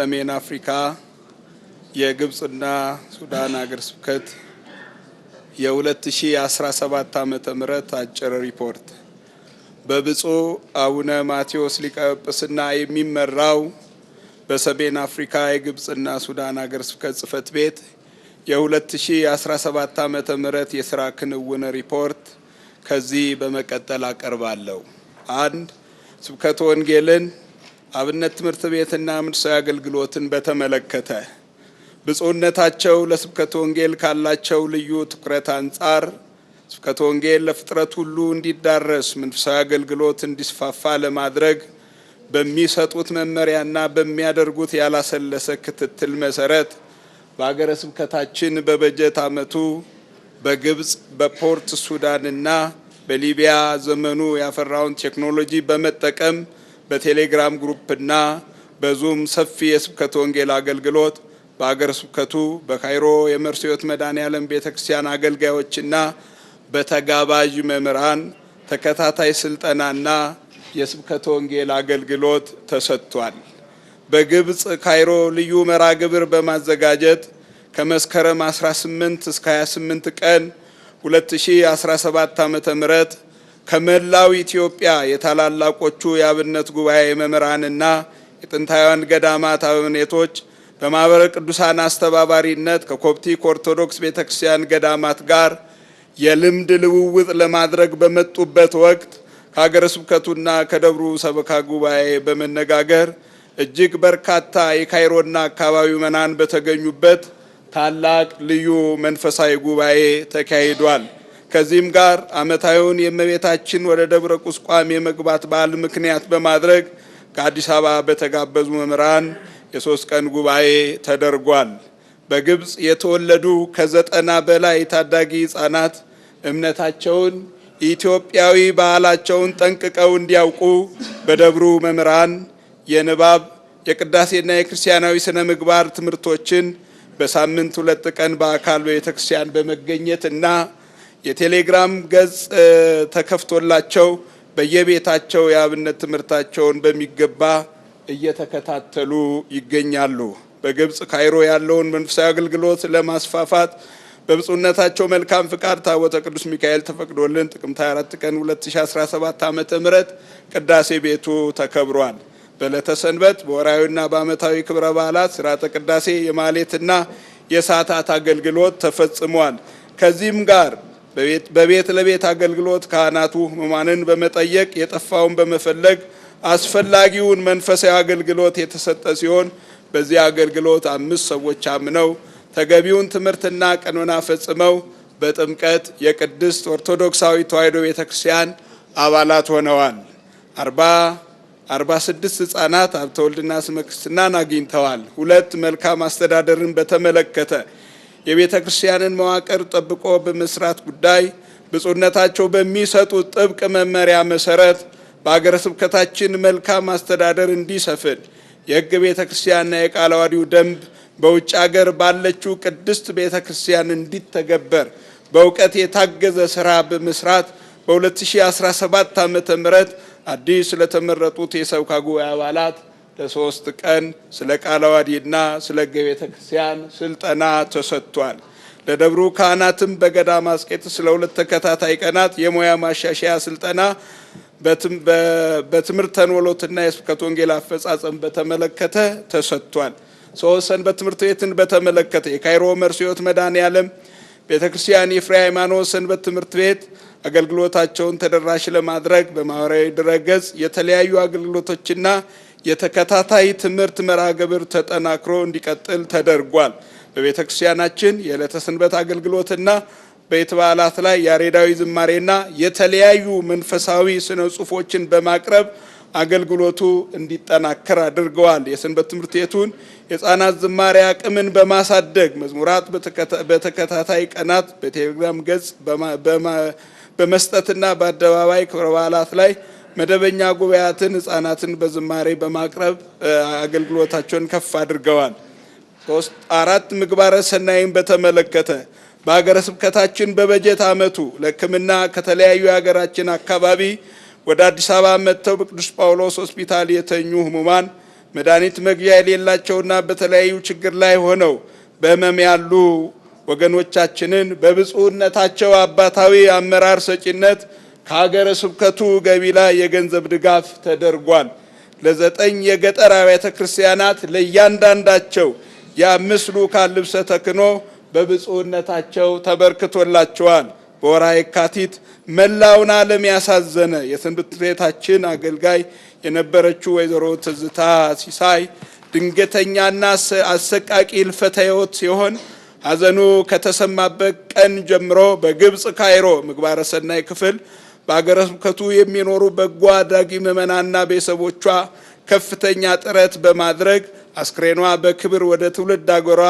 ሰሜን አፍሪካ የግብፅና ሱዳን አገር ስብከት የ2017 ዓመተ ምህረት አጭር ሪፖርት በብፁዕ አቡነ ማቴዎስ ሊቀ ጵጵስና የሚመራው በሰሜን አፍሪካ የግብፅና ሱዳን አገር ስብከት ጽፈት ቤት የ2017 ዓመተ ምህረት የስራ ክንውን ሪፖርት ከዚህ በመቀጠል አቀርባለሁ። አንድ ስብከተ ወንጌልን አብነት ትምህርት ቤትና መንፈሳዊ አገልግሎትን በተመለከተ ብፁዕነታቸው ለስብከተ ወንጌል ካላቸው ልዩ ትኩረት አንጻር ስብከተ ወንጌል ለፍጥረት ሁሉ እንዲዳረስ መንፈሳዊ አገልግሎት እንዲስፋፋ ለማድረግ በሚሰጡት መመሪያና በሚያደርጉት ያላሰለሰ ክትትል መሰረት በሀገረ ስብከታችን በበጀት ዓመቱ በግብፅ በፖርት ሱዳንና በሊቢያ ዘመኑ ያፈራውን ቴክኖሎጂ በመጠቀም በቴሌግራም ግሩፕና በዙም ሰፊ የስብከት ወንጌል አገልግሎት በአገር ስብከቱ በካይሮ የመርሲዮት መድኃኔዓለም ቤተ ክርስቲያን አገልጋዮችና በተጋባዥ መምህራን ተከታታይ ስልጠናና የስብከተ ወንጌል አገልግሎት ተሰጥቷል። በግብፅ ካይሮ ልዩ መራ ግብር በማዘጋጀት ከመስከረም 18 እስከ 28 ቀን 2017 ም ከመላው ኢትዮጵያ የታላላቆቹ የአብነት ጉባኤ መምህራንና የጥንታውያን ገዳማት አበምኔቶች በማኅበረ ቅዱሳን አስተባባሪነት ከኮፕቲክ ኦርቶዶክስ ቤተ ክርስቲያን ገዳማት ጋር የልምድ ልውውጥ ለማድረግ በመጡበት ወቅት ከሀገረ ስብከቱና ከደብሩ ሰበካ ጉባኤ በመነጋገር እጅግ በርካታ የካይሮና አካባቢው መናን በተገኙበት ታላቅ ልዩ መንፈሳዊ ጉባኤ ተካሂዷል። ከዚህም ጋር ዓመታዊውን የእመቤታችን ወደ ደብረ ቁስቋም የመግባት በዓል ምክንያት በማድረግ ከአዲስ አበባ በተጋበዙ መምህራን የሶስት ቀን ጉባኤ ተደርጓል። በግብፅ የተወለዱ ከዘጠና በላይ ታዳጊ ህጻናት እምነታቸውን ኢትዮጵያዊ ባህላቸውን ጠንቅቀው እንዲያውቁ በደብሩ መምህራን የንባብ የቅዳሴና የክርስቲያናዊ ስነ ምግባር ትምህርቶችን በሳምንት ሁለት ቀን በአካል ቤተክርስቲያን በመገኘት እና የቴሌግራም ገጽ ተከፍቶላቸው በየቤታቸው የአብነት ትምህርታቸውን በሚገባ እየተከታተሉ ይገኛሉ። በግብፅ ካይሮ ያለውን መንፈሳዊ አገልግሎት ለማስፋፋት በብፁዕነታቸው መልካም ፍቃድ ታቦተ ቅዱስ ሚካኤል ተፈቅዶልን ጥቅምት 24 ቀን 2017 ዓ.ም ቅዳሴ ቤቱ ተከብሯል። በዕለተ ሰንበት በወራዊና በዓመታዊ ክብረ በዓላት ስርዓተ ቅዳሴ፣ የማሌትና የሰዓታት አገልግሎት ተፈጽሟል። ከዚህም ጋር በቤት ለቤት አገልግሎት ካህናቱ ሕሙማንን በመጠየቅ የጠፋውን በመፈለግ አስፈላጊውን መንፈሳዊ አገልግሎት የተሰጠ ሲሆን በዚህ አገልግሎት አምስት ሰዎች አምነው ተገቢውን ትምህርትና ቀኖና ፈጽመው በጥምቀት የቅድስት ኦርቶዶክሳዊ ተዋሕዶ ቤተ ክርስቲያን አባላት ሆነዋል። አርባ አርባ ስድስት ህጻናት ሀብተወልድና ስመ ክርስትናን አግኝተዋል። ሁለት መልካም አስተዳደርን በተመለከተ የቤተ ክርስቲያንን መዋቅር ጠብቆ በመስራት ጉዳይ ብፁዕነታቸው በሚሰጡት ጥብቅ መመሪያ መሰረት በአገረ ስብከታችን መልካም አስተዳደር እንዲሰፍን የሕግ ቤተ ክርስቲያንና የቃለ ዓዋዲው ደንብ በውጭ አገር ባለችው ቅድስት ቤተ ክርስቲያን እንዲተገበር በእውቀት የታገዘ ስራ በመስራት በ2017 ዓ.ም አዲስ ለተመረጡት የሰበካ ጉባኤ አባላት ለሶስት ቀን ስለ ቃለ ዓዋዲና ስለ ሕገ ቤተ ክርስቲያን ስልጠና ተሰጥቷል። ለደብሩ ካህናትም በገዳመ ስለ ሁለት ተከታታይ ቀናት የሙያ ማሻሻያ ስልጠና በትምህርት ተንወሎትና የስብከት ወንጌል አፈጻጸም በተመለከተ ተሰጥቷል። ሶስት ሰንበት ትምህርት ቤትን በተመለከተ የካይሮ መርሲዮት መድኃኔዓለም ቤተ ክርስቲያን የፍሬ ሃይማኖት ሰንበት ትምህርት ቤት አገልግሎታቸውን ተደራሽ ለማድረግ በማህበራዊ ድረገጽ የተለያዩ አገልግሎቶችና የተከታታይ ትምህርት መርሃ ግብር ተጠናክሮ እንዲቀጥል ተደርጓል። በቤተ ክርስቲያናችን የዕለተ ስንበት አገልግሎትና ቤት በዓላት ላይ ያሬዳዊ ዝማሬና የተለያዩ መንፈሳዊ ስነ ጽሁፎችን በማቅረብ አገልግሎቱ እንዲጠናከር አድርገዋል። የሰንበት ትምህርት ቤቱን የህፃናት ዝማሬ አቅምን በማሳደግ መዝሙራት በተከታታይ ቀናት በቴሌግራም ገጽ በመስጠትና በአደባባይ ክብረ በዓላት ላይ መደበኛ ጉባኤያትን ህጻናትን በዝማሬ በማቅረብ አገልግሎታቸውን ከፍ አድርገዋል። ሶስት አራት ምግባረ ሰናይን በተመለከተ በሀገረ ስብከታችን በበጀት ዓመቱ ለሕክምና ከተለያዩ የሀገራችን አካባቢ ወደ አዲስ አበባ መጥተው በቅዱስ ጳውሎስ ሆስፒታል የተኙ ህሙማን መድኃኒት መግዣ የሌላቸውና በተለያዩ ችግር ላይ ሆነው በህመም ያሉ ወገኖቻችንን በብፁዕነታቸው አባታዊ አመራር ሰጪነት ከሀገረ ስብከቱ ገቢ ላይ የገንዘብ ድጋፍ ተደርጓል። ለዘጠኝ የገጠር አብያተ ክርስቲያናት ለእያንዳንዳቸው የአምስት ልኡካን ልብሰ ተክህኖ በብፁዕነታቸው ተበርክቶላቸዋል። በወርሃ የካቲት መላውን ዓለም ያሳዘነ የትምህርት ቤታችን አገልጋይ የነበረችው ወይዘሮ ትዝታ ሲሳይ ድንገተኛና አሰቃቂ ሕልፈተ ሕይወት ሲሆን ሐዘኑ ከተሰማበት ቀን ጀምሮ በግብፅ ካይሮ ምግባረ ሰናይ ክፍል በአገረ ስብከቱ የሚኖሩ በጎ አድራጊ ምዕመናና ቤተሰቦቿ ከፍተኛ ጥረት በማድረግ አስክሬኗ በክብር ወደ ትውልድ አገሯ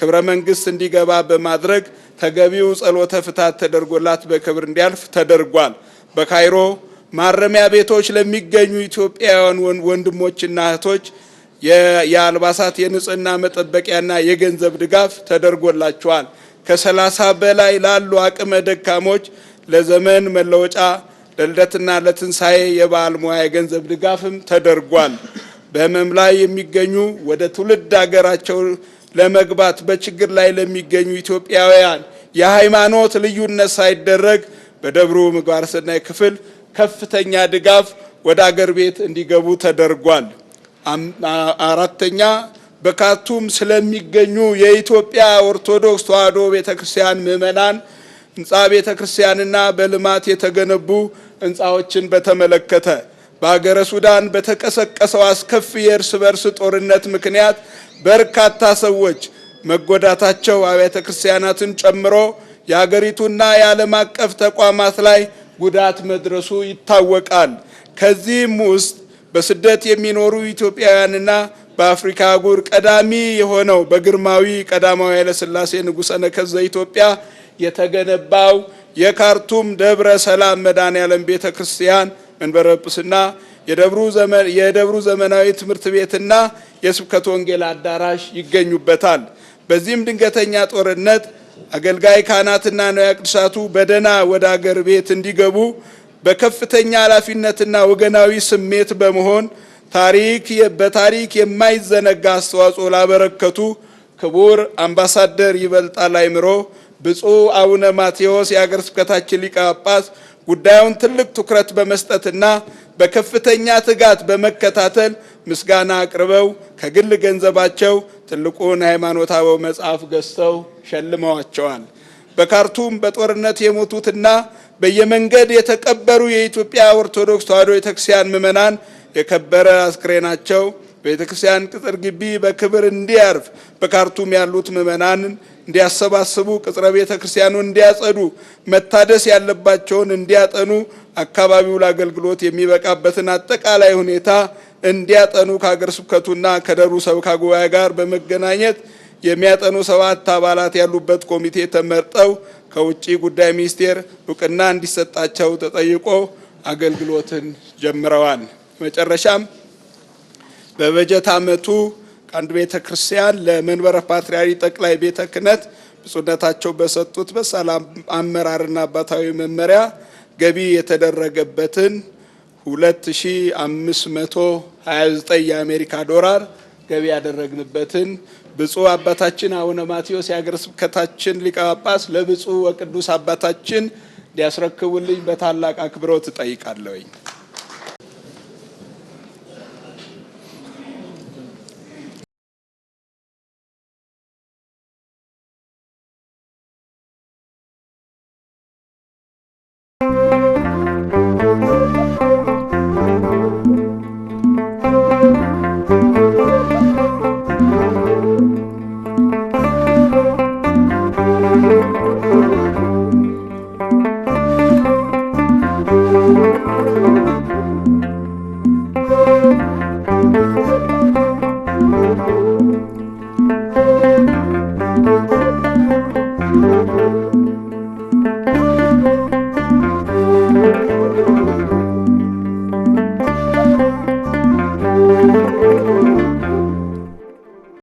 ክብረ መንግስት እንዲገባ በማድረግ ተገቢው ጸሎተ ፍታት ተደርጎላት በክብር እንዲያልፍ ተደርጓል። በካይሮ ማረሚያ ቤቶች ለሚገኙ ኢትዮጵያውያን ወንድሞችና እህቶች የአልባሳት የንጽህና መጠበቂያና የገንዘብ ድጋፍ ተደርጎላቸዋል። ከሰላሳ በላይ ላሉ አቅመ ደካሞች ለዘመን መለወጫ ለልደትና ለትንሣኤ የበዓል ሙያ የገንዘብ ድጋፍም ተደርጓል። በህመም ላይ የሚገኙ ወደ ትውልድ ሀገራቸው ለመግባት በችግር ላይ ለሚገኙ ኢትዮጵያውያን የሃይማኖት ልዩነት ሳይደረግ በደብሩ ምግባረ ሰናይ ክፍል ከፍተኛ ድጋፍ ወደ አገር ቤት እንዲገቡ ተደርጓል። አራተኛ በካርቱም ስለሚገኙ የኢትዮጵያ ኦርቶዶክስ ተዋሕዶ ቤተክርስቲያን ምዕመናን ህንፃ ቤተ ክርስቲያንና በልማት የተገነቡ ህንፃዎችን በተመለከተ በሀገረ ሱዳን በተቀሰቀሰው አስከፊ የእርስ በርስ ጦርነት ምክንያት በርካታ ሰዎች መጎዳታቸው አብያተ ክርስቲያናትን ጨምሮ የአገሪቱና የዓለም አቀፍ ተቋማት ላይ ጉዳት መድረሱ ይታወቃል። ከዚህም ውስጥ በስደት የሚኖሩ ኢትዮጵያውያንና በአፍሪካ አህጉር ቀዳሚ የሆነው በግርማዊ ቀዳማዊ ኃይለሥላሴ ንጉሠ ነገሥት ዘኢትዮጵያ የተገነባው የካርቱም ደብረ ሰላም መድኃኔዓለም ቤተ ክርስቲያን መንበረ ጵጵስና የደብሩ ዘመናዊ ትምህርት ቤትና የስብከት ወንጌል አዳራሽ ይገኙበታል። በዚህም ድንገተኛ ጦርነት አገልጋይ ካህናትና ንዋየ ቅድሳቱ በደህና ወደ አገር ቤት እንዲገቡ በከፍተኛ ኃላፊነትና ወገናዊ ስሜት በመሆን ታሪክ በታሪክ የማይዘነጋ አስተዋጽኦ ላበረከቱ ክቡር አምባሳደር ይበልጣል አይምሮ ብፁዕ አቡነ ማቴዎስ የአገረ ስብከታችን ሊቀ ጳጳስ ጉዳዩን ትልቅ ትኩረት በመስጠትና በከፍተኛ ትጋት በመከታተል ምስጋና አቅርበው ከግል ገንዘባቸው ትልቁን ሃይማኖታዊ መጽሐፍ ገዝተው ሸልመዋቸዋል። በካርቱም በጦርነት የሞቱትና በየመንገድ የተቀበሩ የኢትዮጵያ ኦርቶዶክስ ተዋሕዶ ቤተክርስቲያን ምዕመናን የከበረ አስክሬናቸው ቤተክርስቲያን ቅጥር ግቢ በክብር እንዲያርፍ በካርቱም ያሉት ምዕመናንን እንዲያሰባስቡ፣ ቅጽረ ቤተ ክርስቲያኑ እንዲያጸዱ፣ መታደስ ያለባቸውን እንዲያጠኑ፣ አካባቢው ለአገልግሎት የሚበቃበትን አጠቃላይ ሁኔታ እንዲያጠኑ ከሀገር ስብከቱና ከደሩ ሰበካ ጉባኤ ጋር በመገናኘት የሚያጠኑ ሰባት አባላት ያሉበት ኮሚቴ ተመርጠው ከውጭ ጉዳይ ሚኒስቴር እውቅና እንዲሰጣቸው ተጠይቆ አገልግሎትን ጀምረዋል። መጨረሻም በበጀት ዓመቱ ከአንድ ቤተ ክርስቲያን ለመንበረ ፓትርያሪ ጠቅላይ ቤተ ክህነት ብፁዕነታቸው በሰጡት በሰላም አመራርና አባታዊ መመሪያ ገቢ የተደረገበትን 2529 የአሜሪካ ዶላር ገቢ ያደረግንበትን ብፁዕ አባታችን አቡነ ማቴዎስ የሀገረ ስብከታችን ሊቀ ጳጳስ ለብፁዕ ወቅዱስ አባታችን ሊያስረክቡልኝ በታላቅ አክብሮት እጠይቃለሁኝ። Thank you.